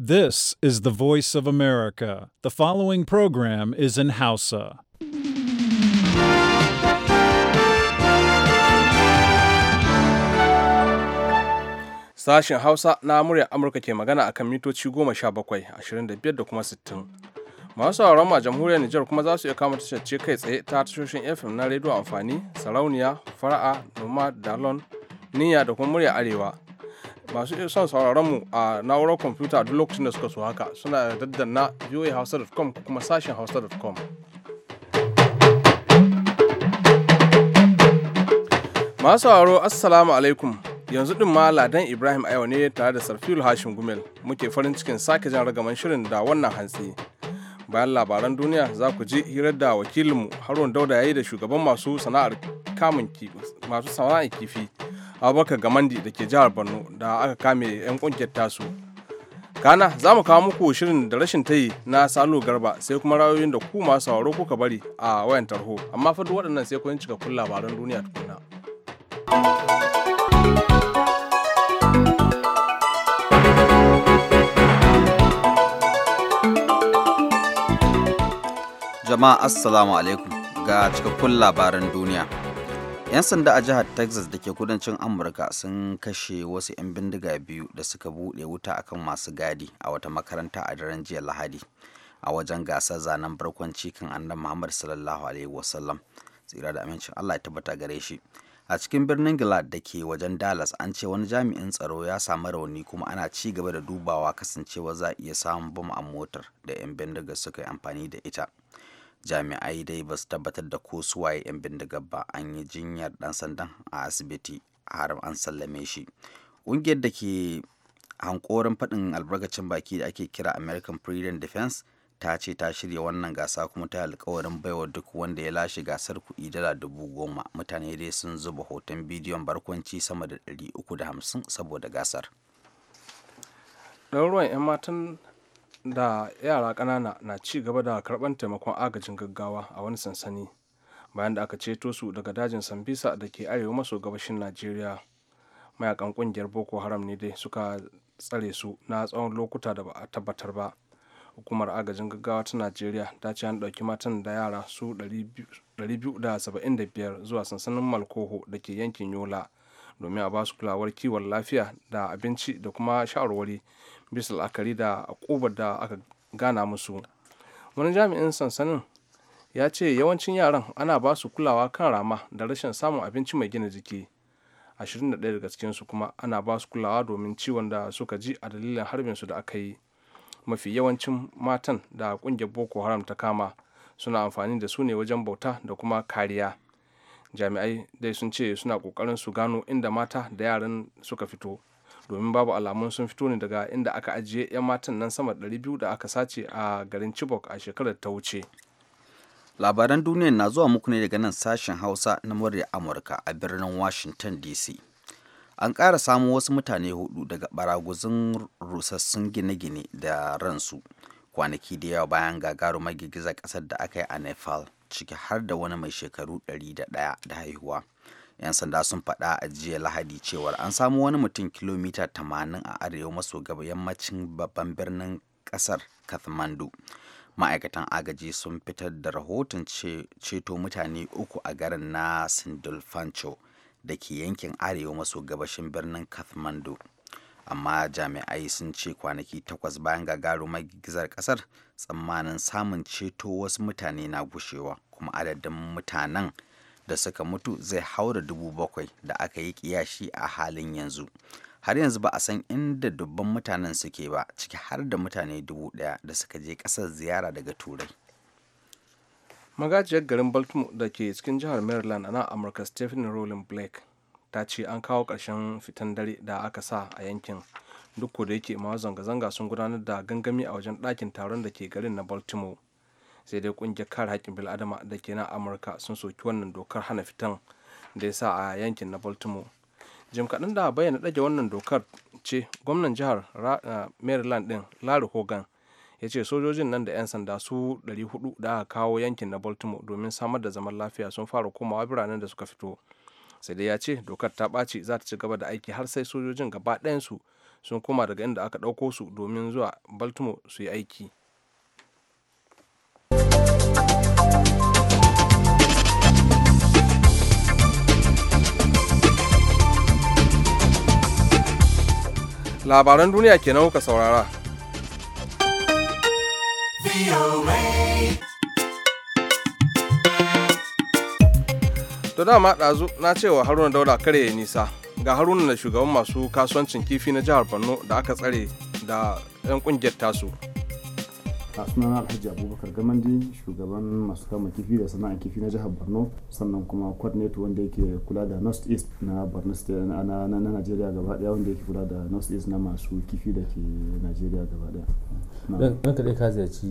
This is the voice of America. The following program is in Hausa. Sashen Hausa na murya Amurka ke magana a kan mitoci goma sha bakwai, ashirin da kuma sittin, Masu sauraron ma jamhuriyar Nijar kuma za su iya kama tashar kai tsaye ta tashoshin FM na rediyo amfani, sarauniya, fara'a, noma, dalon, niyya da kuma murya arewa. masu iya son sauraronmu a na'urar kwamfuta duk lokacin da suka so haka suna daddana voahausa.com kuma sashen hausa.com masu sauraro assalamu alaikum yanzu din ma ladan ibrahim a ne tare da sarfilu hashin gumel muke farin cikin sake jan ragaman shirin da wannan hantsi bayan labaran duniya za ku ji hirar da wakilinmu haruwan dauda ya yi da shugaban masu sana'ar kamun masu sana'ar kifi abubakar gamandi da ke jihar borno da aka kame 'yan kungiyar tasu kana za mu kawo muku shirin da rashin tayi na salo garba sai kuma rayoyin da ku masu sauraro kuka bari a wayan tarho amma fa duk waɗannan sai kun kun labaran duniya tukuna jama'a assalamu alaikum ga cikakkun labaran duniya 'yan sanda a jihar texas da ke kudancin amurka sun kashe wasu 'yan bindiga biyu da suka buɗe wuta akan masu gadi a wata makaranta a daren jiya lahadi a wajen gasar zanen barkwanci kan annan muhammad sallallahu alaihi wasallam tsira da amincin allah ya tabbata gare shi a cikin birnin gilad da ke wajen dallas an ce wani jami'in tsaro ya samu rauni kuma ana ci gaba da dubawa kasancewa za a iya samun bam a motar da 'yan bindiga suka yi amfani da ita jami'ai dai ba su tabbatar da ko suwaye 'yan bindigar ba an yi jinyar dan sandan a asibiti har an sallame shi ƙungiyar da ke hankorin faɗin albarkacin baki da ake kira american freedom defense ta ce ta shirya wannan gasa kuma ta alkawarin baiwa duk wanda ya lashe gasar kuɗi dala dubu goma mutane dai sun zuba hoton bidiyon barkwanci sama da 350 saboda gasar ɗan ruwan 'yan matan da yara ƙanana na ci gaba da karɓar taimakon agajin gaggawa a wani sansani bayan da aka ceto su daga dajin sambisa da ke arewa maso gabashin najeriya mayakan ƙungiyar boko haram ne dai suka tsare su na tsawon lokuta da ba a tabbatar ba hukumar agajin gaggawa ta najeriya ta ce an ɗauki matan da yara su 275 zuwa sansanin malkoho da ke yankin yola domin a basu kulawar kiwon lafiya da abinci da kuma sha'arwari bisa la'akari da akubar da aka gana musu wani jami'in sansanin ya ce yawancin yaran ana ba su kulawa kan rama da rashin samun abinci mai gina jiki 21 daga cikinsu kuma ana ba su kulawa domin ciwon da suka ji a dalilin harbin su da aka yi mafi yawancin matan da kungiyar boko haram ta kama suna amfani da su ne wajen bauta da kuma kariya jami'ai dai sun ce suna kokarin su gano inda mata da yaran suka fito domin babu alamun sun fito ne daga inda aka ajiye 'yan matan nan sama 200 da aka sace a garin chibok a shekarar ta wuce labaran duniya na zuwa muku ne daga nan sashen hausa na murya amurka a birnin washington dc an ƙara samun wasu mutane hudu daga baraguzin rusassun gine-gine da ransu kwanaki da yawa bayan gagarumar girgizar ƙasar da aka yi a nepal ciki har da wani mai shekaru 101 da haihuwa. 'Yan sanda sun faɗa a jiya Lahadi cewar an samu wani mutum kilomita 80 a arewa maso gaba yammacin babban birnin ƙasar Kathmandu. Ma'aikatan agaji sun fitar da rahoton ceto mutane uku a garin na Sindulfancho da ke yankin arewa maso gabashin birnin Kathmandu. Amma jami'ai sun ce kwanaki takwas bayan gagarumar gizar ƙasar tsammanin samun ceto wasu mutane na gushewa kuma adadin mutanen da suka mutu zai haura dubu bakwai da aka yi kiyashi a halin yanzu har yanzu ba a san inda dubban mutanen suke ba ciki har da mutane dubu ɗaya da suka je ƙasar ziyara daga turai magajiyar garin baltimore da ke cikin jihar maryland a amurka stephen rowland blake ta ce an kawo ƙarshen fitan dare da aka sa a yankin duk da yake ma zanga-zanga sun gudanar da gangami a wajen dakin taron da ke garin na baltimore sai dai kungiyar kare haƙƙin bil'adama da ke na amurka sun soki wannan dokar hana fitan da ya sa a yankin na baltimore jim kaɗan da bayyana ɗage wannan dokar ce gwamnan jihar eh, maryland ɗin larry hogan ya ce sojojin nan da 'yan sanda su 400 da aka kawo yankin na baltimore domin samar da zaman lafiya sun fara komawa biranen da suka fito sai dai ya ce dokar ta ɓaci za ta ci gaba da aiki har sai sojojin gaba ɗayansu su sun koma daga inda aka ɗauko su domin zuwa baltimore su yi aiki labaran duniya kenan kuka saurara to dama ɗazu na cewa haruna daura kare ya nisa ga haruna da shugaban masu kasuwancin kifi na jihar borno da aka tsare da 'yan kungiyar tasu a sunan alhaji abubakar gamandi shugaban masu kama kifi da sana'a kifi na jihar borno sannan kuma coordinator wanda yake kula da north east na borno na nigeria gaba daya wanda yake kula da north east na masu kifi da ke nigeria gaba daya don kaɗai ka ziyarci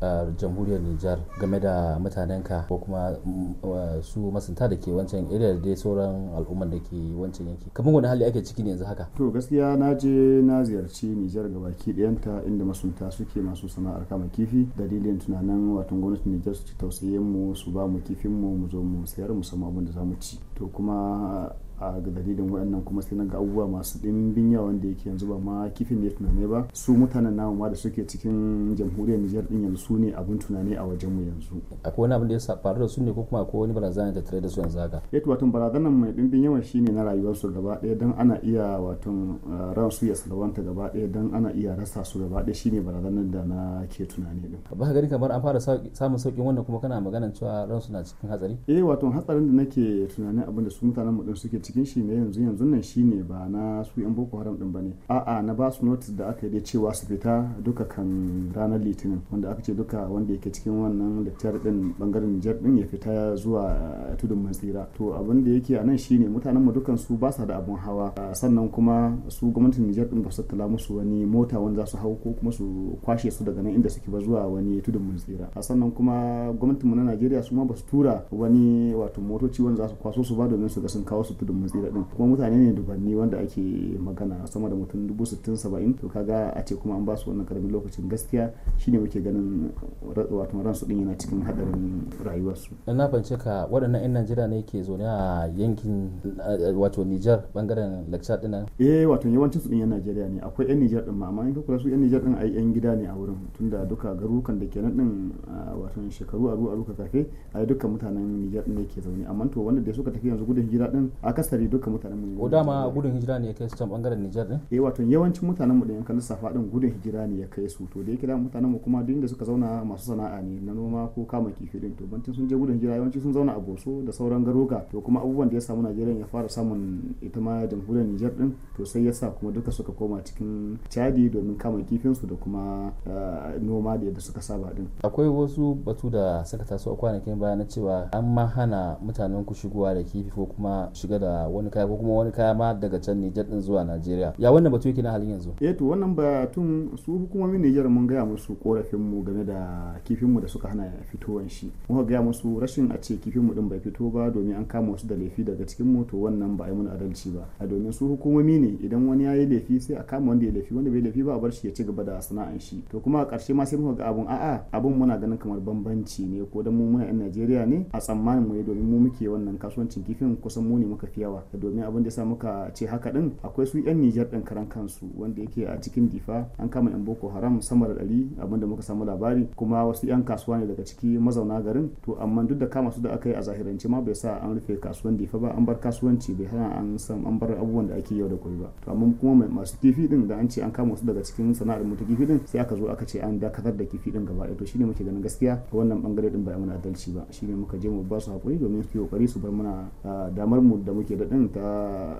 a jamhuriyar nijar game da mutanenka ko kuma mm, su masunta da ke wancan iriyar da dai sauran al'ummar da ke wancan yanki kamar wani hali ake ciki ne yanzu haka to gaskiya na je na ziyarci nijar gabaki dayanta inda masunta suke masu sana'ar kama kifi dalilin tunanin watan gwamnatin nijar su ci tausayin mu su ba mu kifin mu mu zo mu sayar mu samu abin da za mu ci to kuma a dalilin waɗannan kuma sai na ga abubuwa masu ɗimbin yawa wanda yake yanzu ba ma kifin ne tunane ba su mutanen namu ma da suke cikin jamhuriyar Nijar din yanzu su ne abin tunani a wajen mu yanzu akwai wani abin da ya faru da su ne ko kuma akwai wani barazana da tare da su yanzu haka eh wato barazanan mai ɗimbin yawa shine na rayuwarsu gaba ɗaya dan ana iya wato eh, ran su ya salwanta gaba ɗaya dan ana iya rasa su gaba ɗaya shine barazanan da na ke tunani din ba gani kamar an fara samun sauƙin wannan kuma kana magana cewa ran su na cikin hatsari eh wato hatsarin da nake tunanin abin da su mutanen mu din suke cikin shi ne yanzu yanzu nan shi ne ba na su yan boko haram din ba ne a'a na ba su notice da aka yi dai cewa su fita duka kan ranar litinin wanda aka ce duka wanda yake cikin wannan littar din bangaren nijar din ya fita zuwa eh, tudun matsira to abin da yake a nan shi ne mutanen mu dukan su ba sa da abun hawa sannan kuma su gwamnatin nijar din ba su tattala musu wani mota wanda za su hau ko kuma su kwashe su daga nan inda suke ba zuwa wani tudun matsira sannan kuma gwamnatin mu na najeriya su ma ba su tura wani wato motoci wanda za su kwaso su ba domin su ga sun kawo su tudun mun din kuma mutane ne dubanni wanda ake magana sama da mutum dubu sittin saba'in to kaga a ce kuma an ba su wannan karamin lokacin gaskiya shine muke ganin wato su din yana cikin hadarin rayuwarsu su na fahimci ka waɗannan yan Najeriya ne ke zaune a yankin wato Niger bangaren lakca din nan eh wato yawancin su din yan Najeriya ne akwai yan Niger din ma amma in ka kula su yan Niger din ai yan gida ne a wurin tunda duka garurukan da ke nan din wato shekaru aru aru ka kafe ai dukkan mutanen Niger din ne ke zaune amma to wanda da suka tafi yanzu gudun hijira din aka akasari duka mutanen mu ne ma gudun hijira ne ya kai su can bangaren Nijar din eh wato yawancin mutanen mu da yankan lissafa din gudun hijira ne ya kai su to da yake da mutanen mu kuma duk suka zauna masu sana'a ne na noma ko kama kifi din to bantin sun je gudun hijira yawanci sun zauna a Boso da sauran garuka to kuma abubuwan da ya samu Najeriya ya fara samun ita ma jamhuriyar Nijar din to sai ya sa kuma duka suka koma cikin Chadi domin kama kifin su da kuma eh, noma da yadda suka saba din akwai wasu batu da suka taso a kwanakin baya na cewa an ma hana mutanen ku shigowa da kifi ko kuma shiga da wani kaya ko kuma wani kaya ma daga can Nijar din zuwa Najeriya ya wannan batu yake na halin yanzu eh to wannan batun su hukumomin Nijar mun gaya musu korafin mu game da kifin mu da suka hana fitowan shi ga gaya musu rashin a ce kifin mu din bai fito ba domin an kama wasu da laifi daga cikin mu to wannan ba a yi mun adalci ba a domin su hukumomi ne idan wani ya yi laifi sai a kama wanda ya laifi wanda bai laifi ba a bar shi ya ci gaba da sana'an shi to kuma a ƙarshe ma sai muka ga abun a'a abun muna ganin kamar bambanci ne ko dan mu muna yan Najeriya ne a tsammanin mu ne domin mu muke wannan kasuwancin kifin kusan mu ne muka fiya yawa domin abin da ya sa muka ce haka din akwai su yan Nijar din karan kansu wanda yake a cikin difa an kama yan Boko Haram sama da ɗari abin da muka samu labari kuma wasu yan kasuwa ne daga ciki mazauna garin to amma duk da kama su da aka yi a zahirance ma bai sa an rufe kasuwan difa ba an bar kasuwanci bai hana an san an bar abubuwan da ake yau da gobe ba to amma kuma masu kifi din da an ce an kama su daga cikin sana'ar mutu kifi din sai aka zo aka ce an dakatar da kifi din gaba ɗaya to shine muke ganin gaskiya wannan bangare din ba mana adalci ba shine muka je mu ba su hakuri domin su yi kokari su bar mana ah, damar mu da muke ke daɗin ta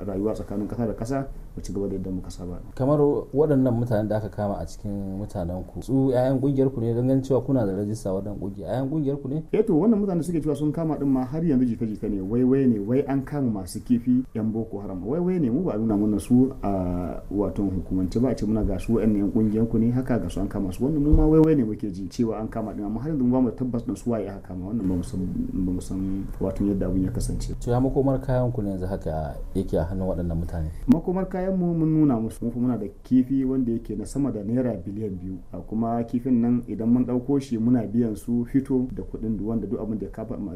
rayuwa tsakanin ƙasa da ƙasa mu ci gaba da yadda muka saba kamar waɗannan mutanen da aka kama a cikin mutanen ku su yayan kungiyar ku ne don ganin cewa kuna da rajista wadan kungiya yayan kungiyar ku ne eh to wannan mutanen suke cewa sun kama din ma har yanzu jika jika ne wai wai ne wai an kama masu kifi yan boko haram wai wai ne mu ba nuna mana su a wato hukumance ba a ce muna ga su wa'annan yan kungiyar ku ne haka ga su an kama su wannan mu ma wai wai ne muke ji cewa an kama din amma har yanzu ba mu tabbas din su waye aka kama wannan ba mu san ba mu san wato yadda abun ya kasance to ya makomar kayan ku ne yanzu haka yake a hannun waɗannan mutane makomar kayan mu mun nuna musu mun muna da kifi wanda yake na sama da naira biliyan biyu a kuma kifin nan idan mun ɗauko shi muna biyan su fito da kuɗin wanda duk abin da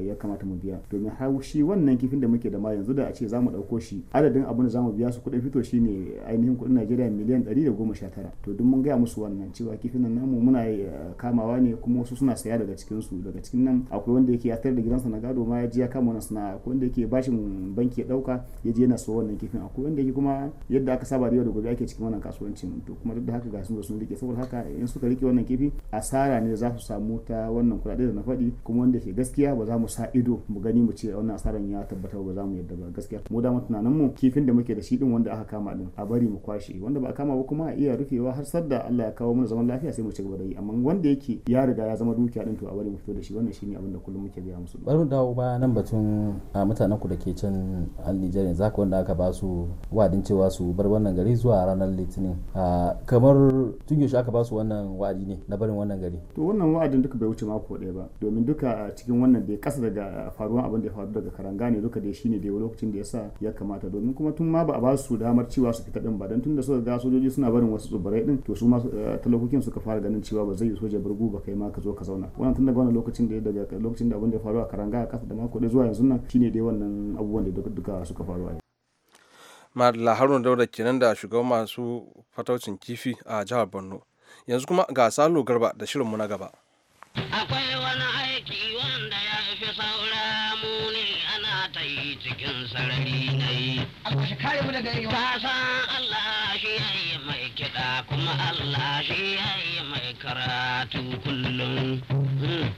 ya kamata mu biya domin har shi wannan kifin da muke da ma yanzu da a ce za mu ɗauko shi adadin abin da za mu biya su kuɗin fito shi ne ainihin kuɗin Najeriya miliyan ɗari da goma sha tara to duk mun gaya musu wannan cewa kifin nan namu muna eh, kamawa ne kuma wasu suna saya daga cikin su daga cikin nan akwai wanda yake ya tare da gidansa na gado ma ya ji ya kama wannan sana'a akwai wanda yake bashin banki ya ɗauka ya je yana so wannan kifin akwai wanda yake kuma yadda aka saba da yau da gobe ake cikin wannan kasuwancin to kuma duk da haka ga sun sun rike saboda haka in suka rike wannan kifi asara ne za su samu ta wannan kuɗaɗe da na faɗi kuma wanda ke gaskiya ba za mu sa ido mu gani mu ce wannan asaran ya tabbata ba za mu yadda ba gaskiya mu da tunanin mu kifin da muke da shi din wanda aka kama din a bari mu kwashe wanda ba a kama ba kuma a iya rufewa har da Allah ya kawo mana zaman lafiya sai mu ci gaba da yi amma wanda yake ya riga ya zama dukiya din to a bari mu fito da shi wannan shine abin da kullum muke gaya musu bari mu dawo ba nan batun a mutanen ku da ke can a zaka wanda aka ba su wadin cewa su su bar wannan gari zuwa ranar litinin ah, kamar tun yaushe aka ba su wannan wa'adi ne na barin wannan gari to wannan wa'adin duka bai wuce mako ɗaya ba domin duka cikin wannan da ya kasa daga faruwan abin da ya faru daga karanga ne duka dai shine da lokacin da yasa ya kamata domin kuma tun ma ba a ba su damar cewa su fita din ba dan tun da suka ga sojoji suna barin wasu tsubarai din to su ma eh, talakokin suka fara ganin cewa ba zai yi soja burgu ba kai ma ka zo ka zauna wannan tun daga wannan lokacin da daga lokacin da abin da ya faru a karanga a kasa da mako ɗaya zuwa yanzu nan shine dai wannan abubuwan da duka suka faru a madalla haruna daura kenan da shugaban masu fataucin kifi a jihar borno yanzu kuma gasa salo garba da shirinmu na gaba akwai wani aiki wanda ya fi saura muni ana tayi yi cikin sarari na yi ka san allah shi ya yi mai kiɗa kuma allah shi ya yi mai karatu kullum hmm.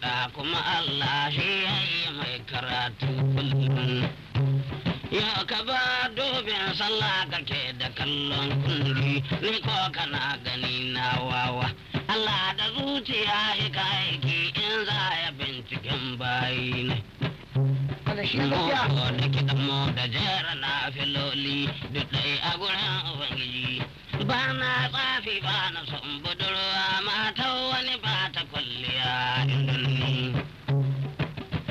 da kuma Allah shi ya yi mai karatu kullum. Yau ka ba dubin sallah ka ke da kallon kundi, ni ko kana gani na wawa. Allah da zuciya shi ka aiki in za ya binciken bayi ne. da kiɗanmu da jera na filoli duk ɗai a gurin Ubangiji. Ba na tsafi ba na son budurwa mata wani ba mata inda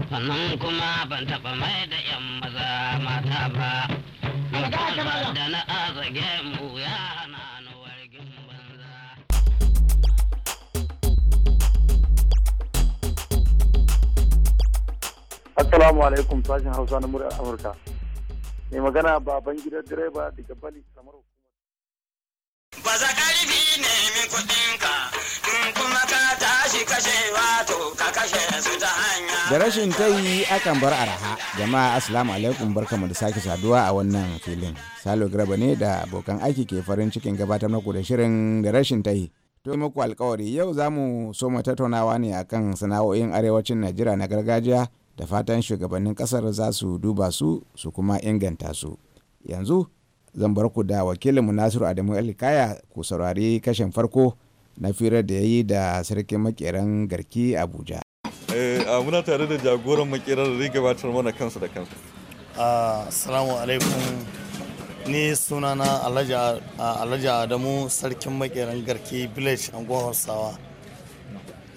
sannan kuma ban taɓa mai da yan maza mata ba da na azage mu ya hana ni wargin banza assalamu alaikum sashen hausa na murar amurka mai magana baban gidan direba daga bali samaro Baza ƙarfi nemi kuɗinka, in kuma ka tashi kashe wato ka kashe su ta hanya. Da rashin ta yi akan bar araha. Jama'a asalamualaikum alaikum barkamu da sake saduwa a wannan filin. Salo Graba ne da abokan aiki ke farin cikin gabatar muku da shirin da rashin ta yi. To muku alkawari yau za mu so tattaunawa ne akan sana'o'in arewacin Najeriya na gargajiya da fatan shugabannin kasar za su duba su su kuma inganta su. Yanzu zan bar ku da wakilinmu nasiru adamu alkaya ku saurari kashin farko na firar da ya yi da sarkin makeran garki abuja eh, a muna tare da jagoran makerar da gabatar mana kansa da kansa ah, assalamu alaikum ni sunana alhaji adamu sarkin makeran garki village angon hausawa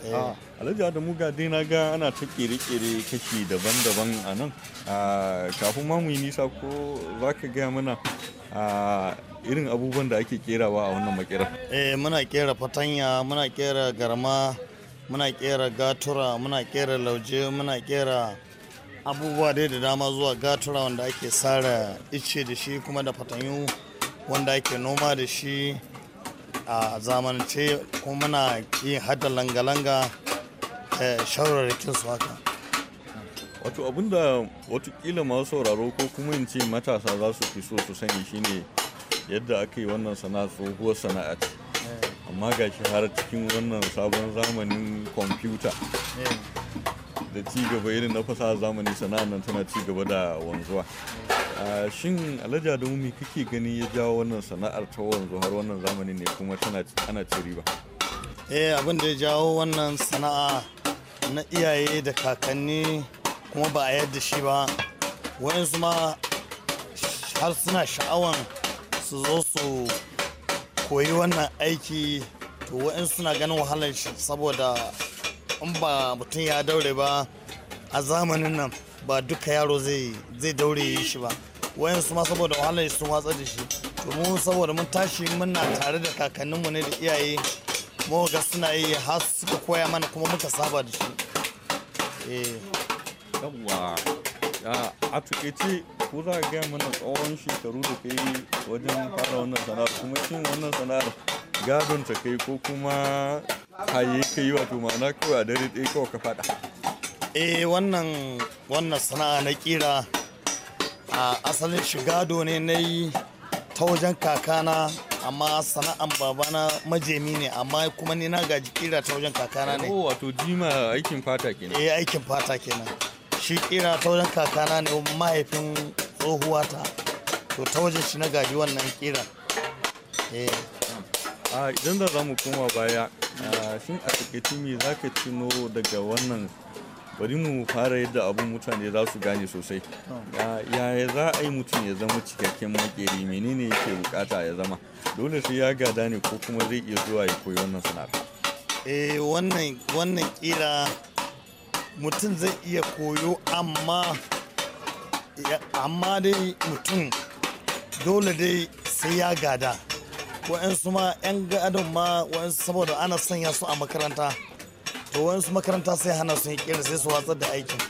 eh. ah, alhaji adamu ga dai ga ana ta kere-kere kashi daban-daban a nan ah, kafin ma yi nisa ko zaka ka gaya mana a irin abubuwan da ake kerawa a wannan makera eh muna kera fatanya muna kera garma muna kera gatura muna kera lauje muna kera abubuwa dai da dama zuwa gatura wanda ake sara ice da shi kuma da fatanyu wanda ake noma da shi a zamanance kuma muna yin hada langa-langa eh, shaurarikin su haka wato abinda watakila masu sauraro ko kuma in ce matasa za su fi so su sani shine yadda aka yi wannan sana'a tsohuwar sana'a ce eh. amma ga shi har cikin wannan sabon zamanin kwamfuta eh. da ci irin na fasa zamani sana'a nan tana ci da wanzuwa eh. ah, shin alaja da mummi kake gani ya jawo wannan sana'ar ta wanzu har wannan zamani ne kuma tana ana ci riba eh abin da ya jawo wannan sana'a na iyaye da kakanni kuma ba a yadda shi ba waɗansu ma har suna sha'awan su zo su koyi wannan aiki to waɗansu suna ganin wahalar shi saboda in ba mutum ya daure ba a zamanin nan ba duka yaro zai daure yi shi ba wayansu ma saboda wahalar sun watsa da shi mu saboda mun tashi muna tare da kakanninmu ne da iyaye mu ga suna yi har suka koya mana kuma muka saba da shi eh. yawwa a tukece ko za ka gaya mana tsawon shekaru da ka yi wajen fara wannan sana'ar kuma shin wannan sana'ar gadon ta kai ko kuma haye ka yi wato ma'ana kawai a dare ɗaya kawai ka faɗa eh wannan wannan sana'a na kira a asalin shi ne na yi ta wajen kakana amma sana'an babana majemi ne amma kuma ni na gaji kira ta wajen kakana ne. Oh wato jima aikin fata kenan. Eh aikin fata kenan. shi kira ta kakana ne mahaifin tsohuwata to ta wajen shi na gaji wannan kira eh. idan da zamu koma baya shin a takaice me za ka tuno daga wannan bari mu fara yadda abun mutane za su gane sosai yaya za a yi mutum ya zama cikakken makeri menene yake bukata ya zama dole sai ya gada ne ko kuma zai iya zuwa ya koyi wannan sana'a eh wannan wannan kira mutum zai iya koyo amma amma dai mutum dole dai sai ya gada waɗansu ma 'yan gadon ma saboda ana sanya su a makaranta to waɗansu makaranta sai hana su kira sai su watsar da aikin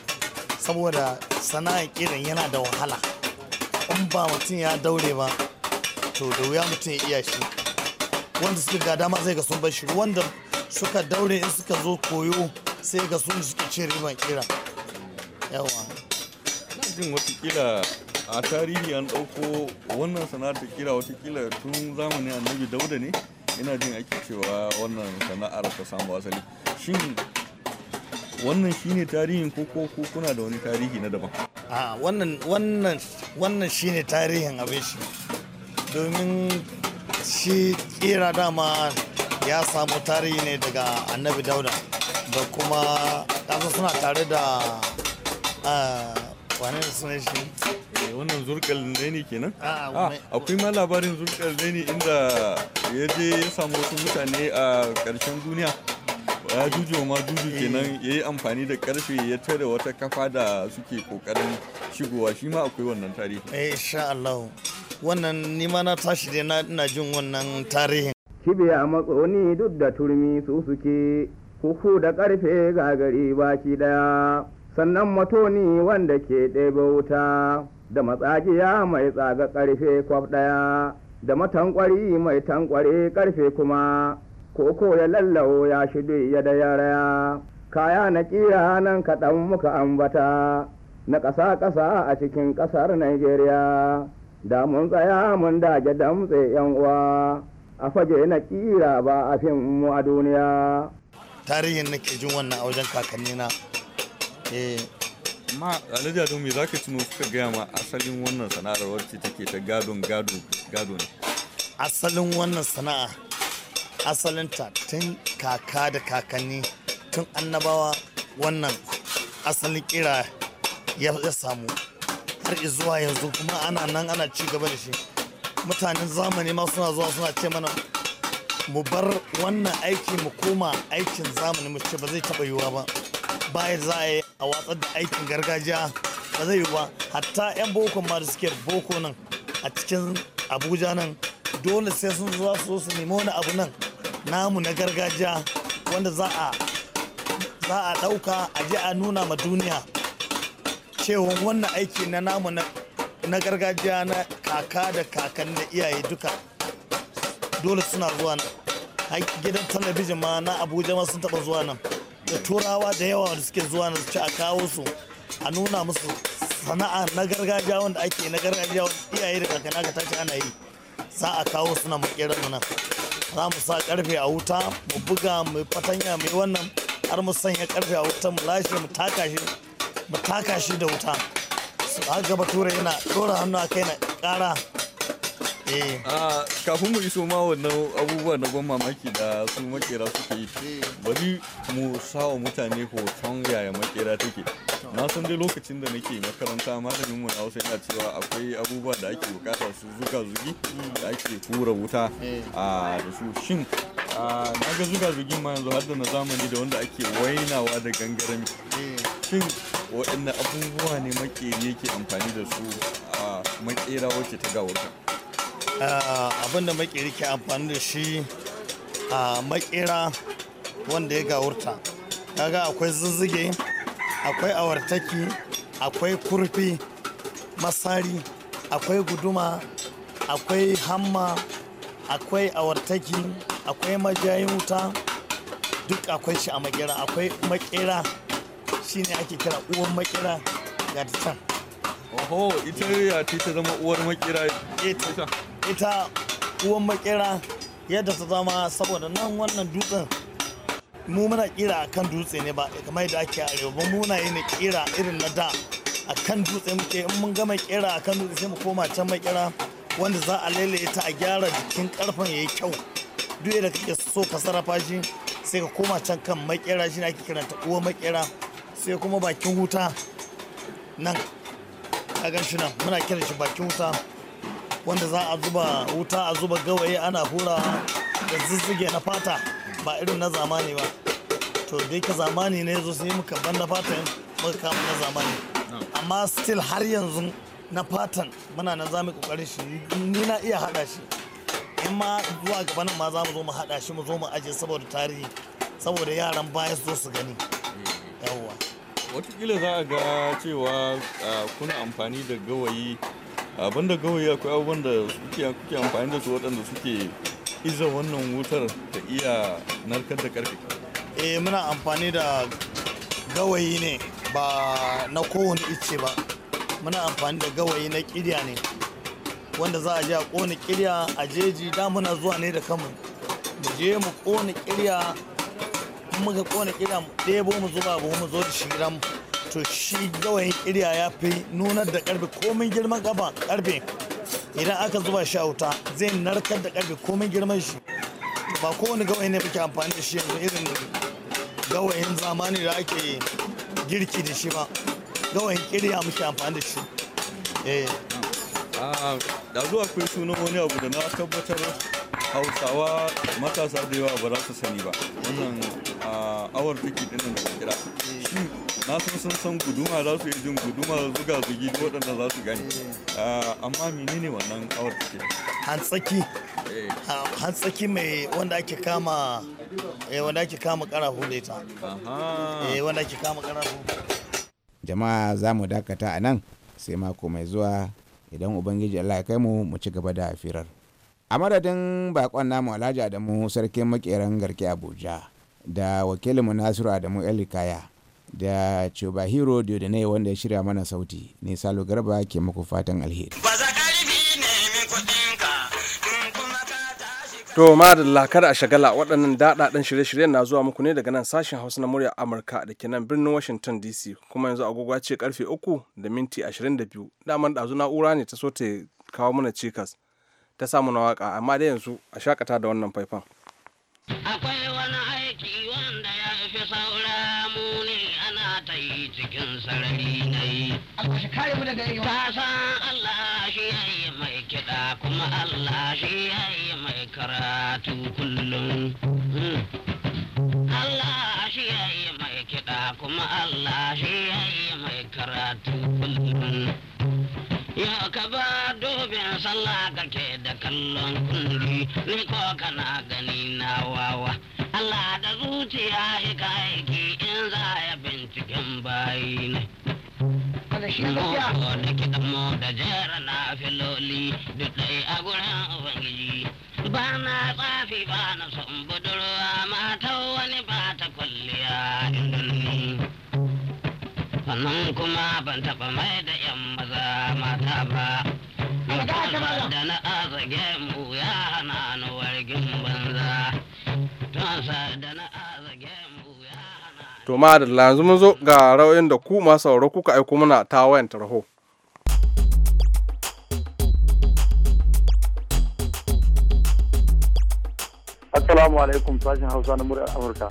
saboda sana'ar kiran yana da wahala in ba mutum ya daure ba to da wuya mutum ya iya shi wanda suka gada ma zai ga sun bar shi wanda suka daure in suka zo koyo sai ga su suke ci riban kira yawa jin watakila a tarihi an ɗauko wannan sana'ar kira watakila tun zamani annabi dauda ne ina jin ake cewa wannan sana'ar ta samu asali shin wannan shine tarihin ko ko kuna da wani tarihi na daban a wannan wannan wannan shine tarihin abin shi domin shi kira dama ya samu tarihi ne daga annabi dauda da kuma kasa suna tare da eh, wani suna shi eh, wannan zurkal ne kenan ah, ah, akwai ma labarin zurkal ne inda ya je ya samu wasu mutane a ƙarshen duniya ya juju ma juju eh. kenan ya yi amfani da karfe ya tare wata kafa da suke kokarin shigowa shi ma akwai wannan tarihi eh sha Allah wannan nima na tashi dai na ina jin wannan tarihin kibiya matsoni duk da turmi su suke huhu da ƙarfe ga gari baki ɗaya sannan matoni wanda ke ɗebe wuta da matsajiya mai tsaga ƙarfe kwaf ɗaya da matankwari mai tankware ƙarfe kuma koko ya lallawo ya shidu ya da yaraya kaya na ƙira nan kaɗan muka ambata na ƙasa-ƙasa a cikin ƙasar Najeriya da mun tsaya mun dage damtse 'yan uwa a fage na ƙira ba a fim mu a duniya. tarihin nake jin wannan a wajen kakannina amma eh. ma alhaji adamu me za ka tuno suka gaya ma asalin wannan sana'ar wacce take ta gado gado ne asalin wannan sana'a asalinta tun kaka da kakanni tun annabawa wannan asalin kira ya samu har zuwa yanzu kuma ana nan ana ci gaba da shi mutanen zamani ma suna zuwa suna ce mana mu bar wannan aiki mu koma aikin zamani mu ce ba zai taɓa yiwuwa ba baya za a yi a watsar da aikin gargajiya ba zai yiwuwa hatta 'yan boko ma da suke boko nan a cikin abuja nan dole sai sun zuwa su su nemi wani abu nan namu na gargajiya wanda za a za a ɗauka a je a nuna ma duniya cewa wannan aiki na namu na gargajiya na kaka da kakan da iyaye duka dole suna zuwa nan gidan talabijin ma na abuja ma sun taba zuwa nan da turawa da yawa da suke zuwa nan su ci a kawo su a nuna musu sana'a na gargajiya wanda ake na gargajiya wanda iyaye da kakana ka tashi ana yi za a kawo su na makera za mu sa karfe a wuta mu buga mu fatanya mu wannan har mu sanya karfe a wuta mu lashe mu taka shi mu taka shi da wuta su ga bature yana dora hannu a kai na kara Eh. Ah, kafin mu iso ma wannan abubuwa na ban mamaki da su makera suke yi eh. bari mu sawa mutane hoton yaya makera take na san dai lokacin da nake makaranta malamin mu na hausa yana cewa akwai abubuwa da ake bukata su zuga zugi hmm. da ake hura wuta eh. a ah, da su shin ah, na ga zuga zugin ma yanzu har da na zamani da wanda ake wainawa da gangarami shin waɗanne abubuwa ne makeri yake amfani da su a makera wacce ta gawarka Eh, abin da makeri ke amfani da shi a eh, makera wanda ya gawurta kaga akwai zuzzige akwai awartaki akwai kurfi masari akwai guduma akwai hamma akwai awartaki akwai majayin wuta duk akwai shi a makera akwai makera shine ake kira uwar makera ga ta can oho ita ya ta zama uwar makera ita eh, ita uwan makera yadda ta zama saboda nan wannan dutsen mu muna kira a kan dutse ne ba kamar yadda ake arewa ba muna yin kira irin na da a kan dutse muke in mun gama kira a kan dutse sai mu koma can makera wanda za a lailaye ta a gyara jikin ya yi kyau duk da kake so ka sarrafa shi sai ka koma can kan makera shi ake kiranta uwa makera sai kuma bakin huta nan a gan shi nan muna kiran shi bakin huta. wanda za a zuba wuta a zuba gawayi ana hurawa da zizzige na fata ba irin na zamani ba to dai ka zamani ne zo sai muka ban na fatan muka kama na zamani amma still har yanzu na fatan muna nan zamu kokarin shi ni na iya hada shi in ma zuwa gaba nan ma za mu zo mu hada shi mu zo mu aje saboda tarihi saboda yaran baya su zo su gani mm. yawwa kila za a ga cewa ah, kuna amfani da gawayi abin da gawayi akwai abubuwan da kuke amfani da su waɗanda suke iza wannan wutar ta iya narkar da karfe eh muna amfani da gawayi ne ba na kowane icce ba muna amfani da gawayi na kirya ne wanda za a je a kone kirya a jeji da muna zuwa ne da kanmu mu je mu kone kirya ga kone kirya mu ɗebo mu zuba buhu mu zo da shi gidan mu to shi gawayin kirya ya fi nunar da karfe komai girman gaba karfe idan aka zuba shi a wuta zai narkar da karfe komai girman shi ba kowane gawayin ne muke amfani da shi yanzu irin gawayin zamani da ake girki da shi ba gawayin kirya muke amfani da shi eh. ah, da zuwa kun sunan wani abu da na tabbatar hausawa matasa da yawa ba za su sani ba wannan ah, awar fiki dinnan da kira eh. na san sun san guduma za su yi jin guduma zuga zugi waɗanda za su gani eh. ah, amma menene wannan kawar take hantsaki eh. ah, hantsaki mai wanda ake kama eh, wanda ake kama karafu da ita wanda ake kama karafu jama'a za mu dakata a nan sai mako mai zuwa idan ubangiji allah ya kai mu mu ci gaba da firar a madadin bakon namu alhaji adamu sarkin makeran garke abuja da wakilinmu nasiru adamu elikaya da na yi wanda ya shirya mana sauti ne Salo Garba ke muku fatan alheri. To da kada a shagala waɗannan daɗaɗɗen shirye-shiryen na zuwa muku ne daga nan sashen Hausa na murya Amurka da ke nan birnin Washington DC kuma yanzu agogo ce karfe 3 da minti 22 daman ɗazu na'ura ne ta so ta kawo mana cikas ta samu na waka amma dai yanzu a shakata da wannan faifan. Akwai wani aiki wanda ya fi saura ne. ta yi cikin sarari na yi. Ta san Allah shi ya yi mai kiɗa kuma Allah shi ya yi mai karatu kullum. Hmm. Allah shi ya yi mai kiɗa kuma Allah shi ya yi mai karatu kullum. Yau ka ba dubin sallah kake da kallon kulli, ni ko kana gani na wawa. Allah da zuciya shi ka aiki cikin bayi ne Motsa da kiɗanmu da jera na filoli duk ɗai a gurin Ubangiji. Ba na tsafi ba na son budurwa mata wani ba ta kwalliya indulmi. Sannan kuma ban taɓa mai da ‘yan maza mata ba. Da na azage mu ya hana wargin banza. Tunsa da na to ma da yanzu mun zo ga ra'ayoyin da ku masu sauraro kuka aiko mana ta wayan tarho Assalamu alaikum sashen Hausa na muryar Amurka.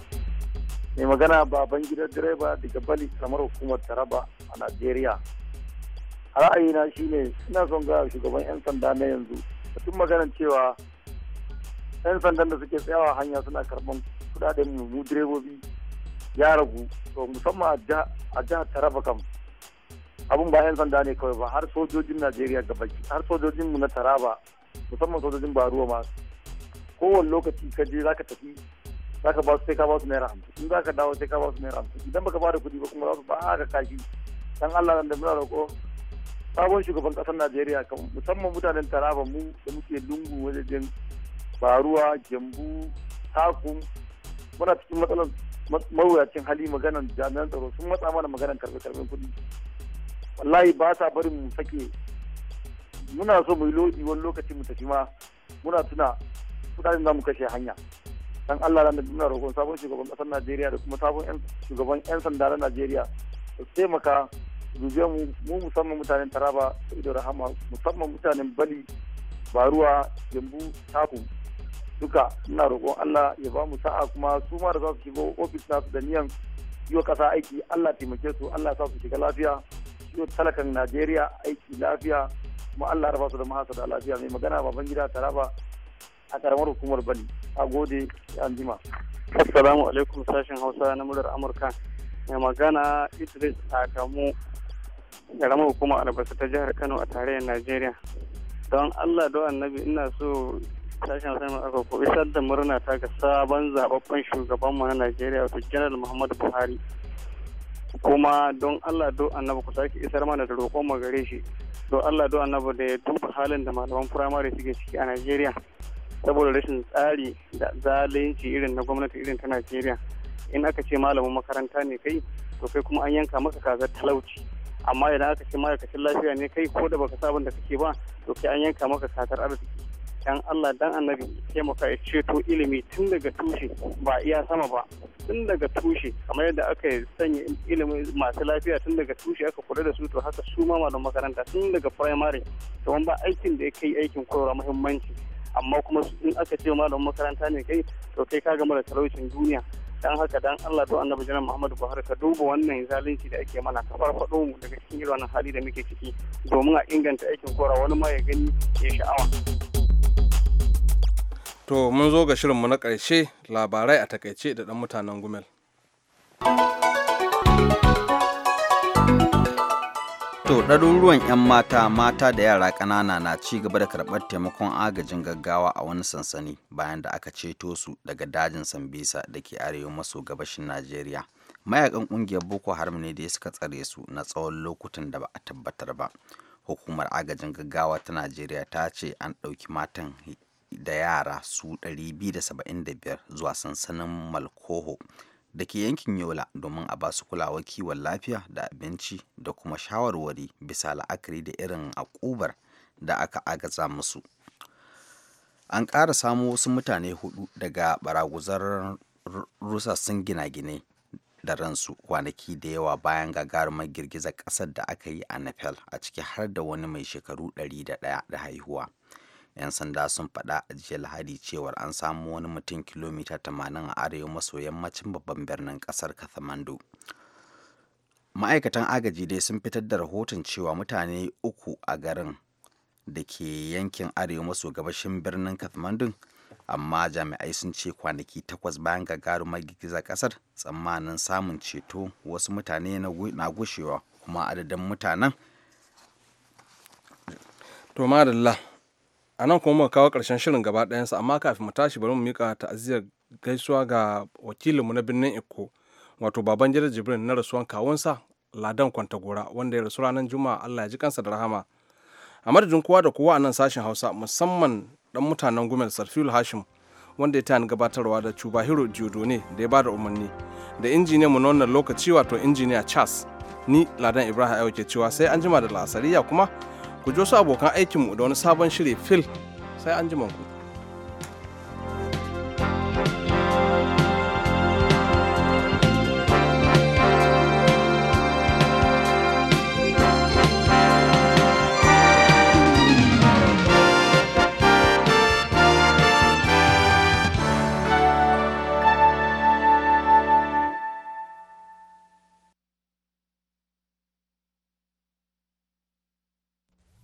Mai magana baban gidan direba daga Bali kamar hukumar Taraba a Najeriya. Ra'ayina shine ina son ga shugaban 'yan sanda na yanzu. Batun maganar cewa 'yan sandan da suke tsayawa hanya suna karɓan kudaden mu direbobi ya ragu to musamman a jihar taraba kam abun ba yan sanda ne kawai ba har sojojin najeriya gaba har sojojin mu na taraba musamman sojojin baruwa ma kowane lokaci ka je zaka tafi zaka ba su sai ka ba su naira hamsin in zaka dawo sai ka ba su naira hamsin idan baka ba da kuɗi ba kuma za su ba ka kashi dan Allah nan da muna roƙo sabon shugaban ƙasar Najeriya kan musamman mutanen Taraba mu da muke lungu wajejen baruwa gembu takum muna cikin matsalar mawuyacin hali maganan jami'an tsaro sun matsa mana maganan karbe karfe kudi wallahi ba ta barin mu sake muna so mu yi lodi wani lokaci mu tafi ma muna tuna kudaden za mu kashe hanya dan Allah da muna roƙon sabon shugaban ƙasar Najeriya da kuma sabon shugaban 'yan sanda na Najeriya su taimaka dube mu mu musamman mutanen Taraba da Ido Rahama musamman mutanen Bali Baruwa yambu Takum duka suna roƙon Allah ya ba mu sa'a kuma su ma da za su shigo ofis nasu da niyan yiwa ƙasa aiki Allah taimake su Allah sa su shiga lafiya yiwa talakan Najeriya aiki lafiya kuma Allah raba su da mahasa da lafiya mai magana baban gida taraba a ƙaramar hukumar Bani a gode an jima. Assalamu alaikum sashen Hausa na murar Amurka. Mai magana Idris Adamu ƙaramar hukumar albasa ta jihar kano a tarayyar najeriya don allah da annabi ina so sashen sanar aka ko isar da murna ta ga sabon zababben shugaban mu na Najeriya wato General Muhammadu Buhari. Kuma don Allah do annabi ku sake isar mana da roƙon mu gare shi. Don Allah do annabi da ya duba halin da malaman firamare suke ciki a Najeriya. Saboda rashin tsari da zalunci irin na gwamnati irin ta Najeriya. In aka ce malamin makaranta ne kai to kai kuma an yanka maka kazar talauci. amma idan aka ce ma'aikacin lafiya ne kai ko da baka sabon da kake ba to kai an yanka maka kazar arziki dan Allah dan annabi taimaka ya ceto ilimi tun daga tushe ba iya sama ba tun daga tushe kamar yadda aka sanya ilimin masu lafiya tun daga tushe aka kula da su to haka su ma malam makaranta tun daga primary to ba aikin da ya kai aikin koyarwa muhimmanci amma kuma in aka ce malam makaranta ne kai to kai ka gama da talaucin duniya dan haka dan Allah to annabi janar Muhammadu Buhari ka duba wannan zalunci da ake mana ka farfado mu daga cikin irin hali da muke ciki domin a inganta aikin kora wani ma ya gani ke sha'awa To mun zo ga shirinmu na ƙarshe labarai a takaice da ɗan mutanen Gumel. To ɗaruruwan 'yan mata mata da yara ƙanana na ci gaba da karɓar taimakon agajin gaggawa a wani sansani bayan da aka ceto su daga dajin Sambisa da ke arewa maso gabashin Najeriya. Mayakan ƙungiyar Boko Haram ne da suka tsare su na tsawon lokutan da ba a tabbatar ba. Hukumar agajin gaggawa ta Najeriya ta ce an ɗauki matan da yara su 275 zuwa sansanin malkoho da ke yankin yola domin a basu kulawa kiwon lafiya da abinci da kuma shawarwari bisa la'akari da irin akubar da aka agaza musu an ƙara samo wasu mutane hudu daga baraguzar rusassun gina gine da ransu kwanaki da yawa bayan gagarumar girgizar ƙasar da aka yi a nepal a ciki har da wani mai shekaru 101 da haihuwa 'yan sanda sun faɗa a jiya lahadi cewar an samu wani mutum kilomita 80 a arewa maso yammacin babban birnin ƙasar kathmandu ma'aikatan agaji dai sun fitar da rahoton cewa mutane uku a garin da ke yankin arewa maso gabashin birnin kathmandu amma jami'ai sun ce kwanaki takwas bayan gagarumar girgizar kasar tsammanin samun ceto wasu mutane na gushewa kuma adadin mutanen a nan kuma muka kawo karshen shirin gaba ɗayansa amma kafin mu tashi bari mu mika ta'aziyar gaisuwa ga wakilinmu na birnin Eko wato baban jira Jibrin na rasuwan kawunsa Ladan Kwantagora wanda ya rasu ranar Juma'a Allah ya ji kansa da rahama a madadin kowa da kowa a nan sashen Hausa musamman dan mutanen Gumel Sarfil Hashim wanda ya tani gabatarwa da Chubahiro ne da ya ba da umarni da injiniyan mu na wannan lokaci wato injiniya Charles ni Ladan Ibrahim Ayo ke cewa sai an jima da la'asariya kuma ku ji wasu abokan aikinmu da wani sabon shirin fil sai an ku.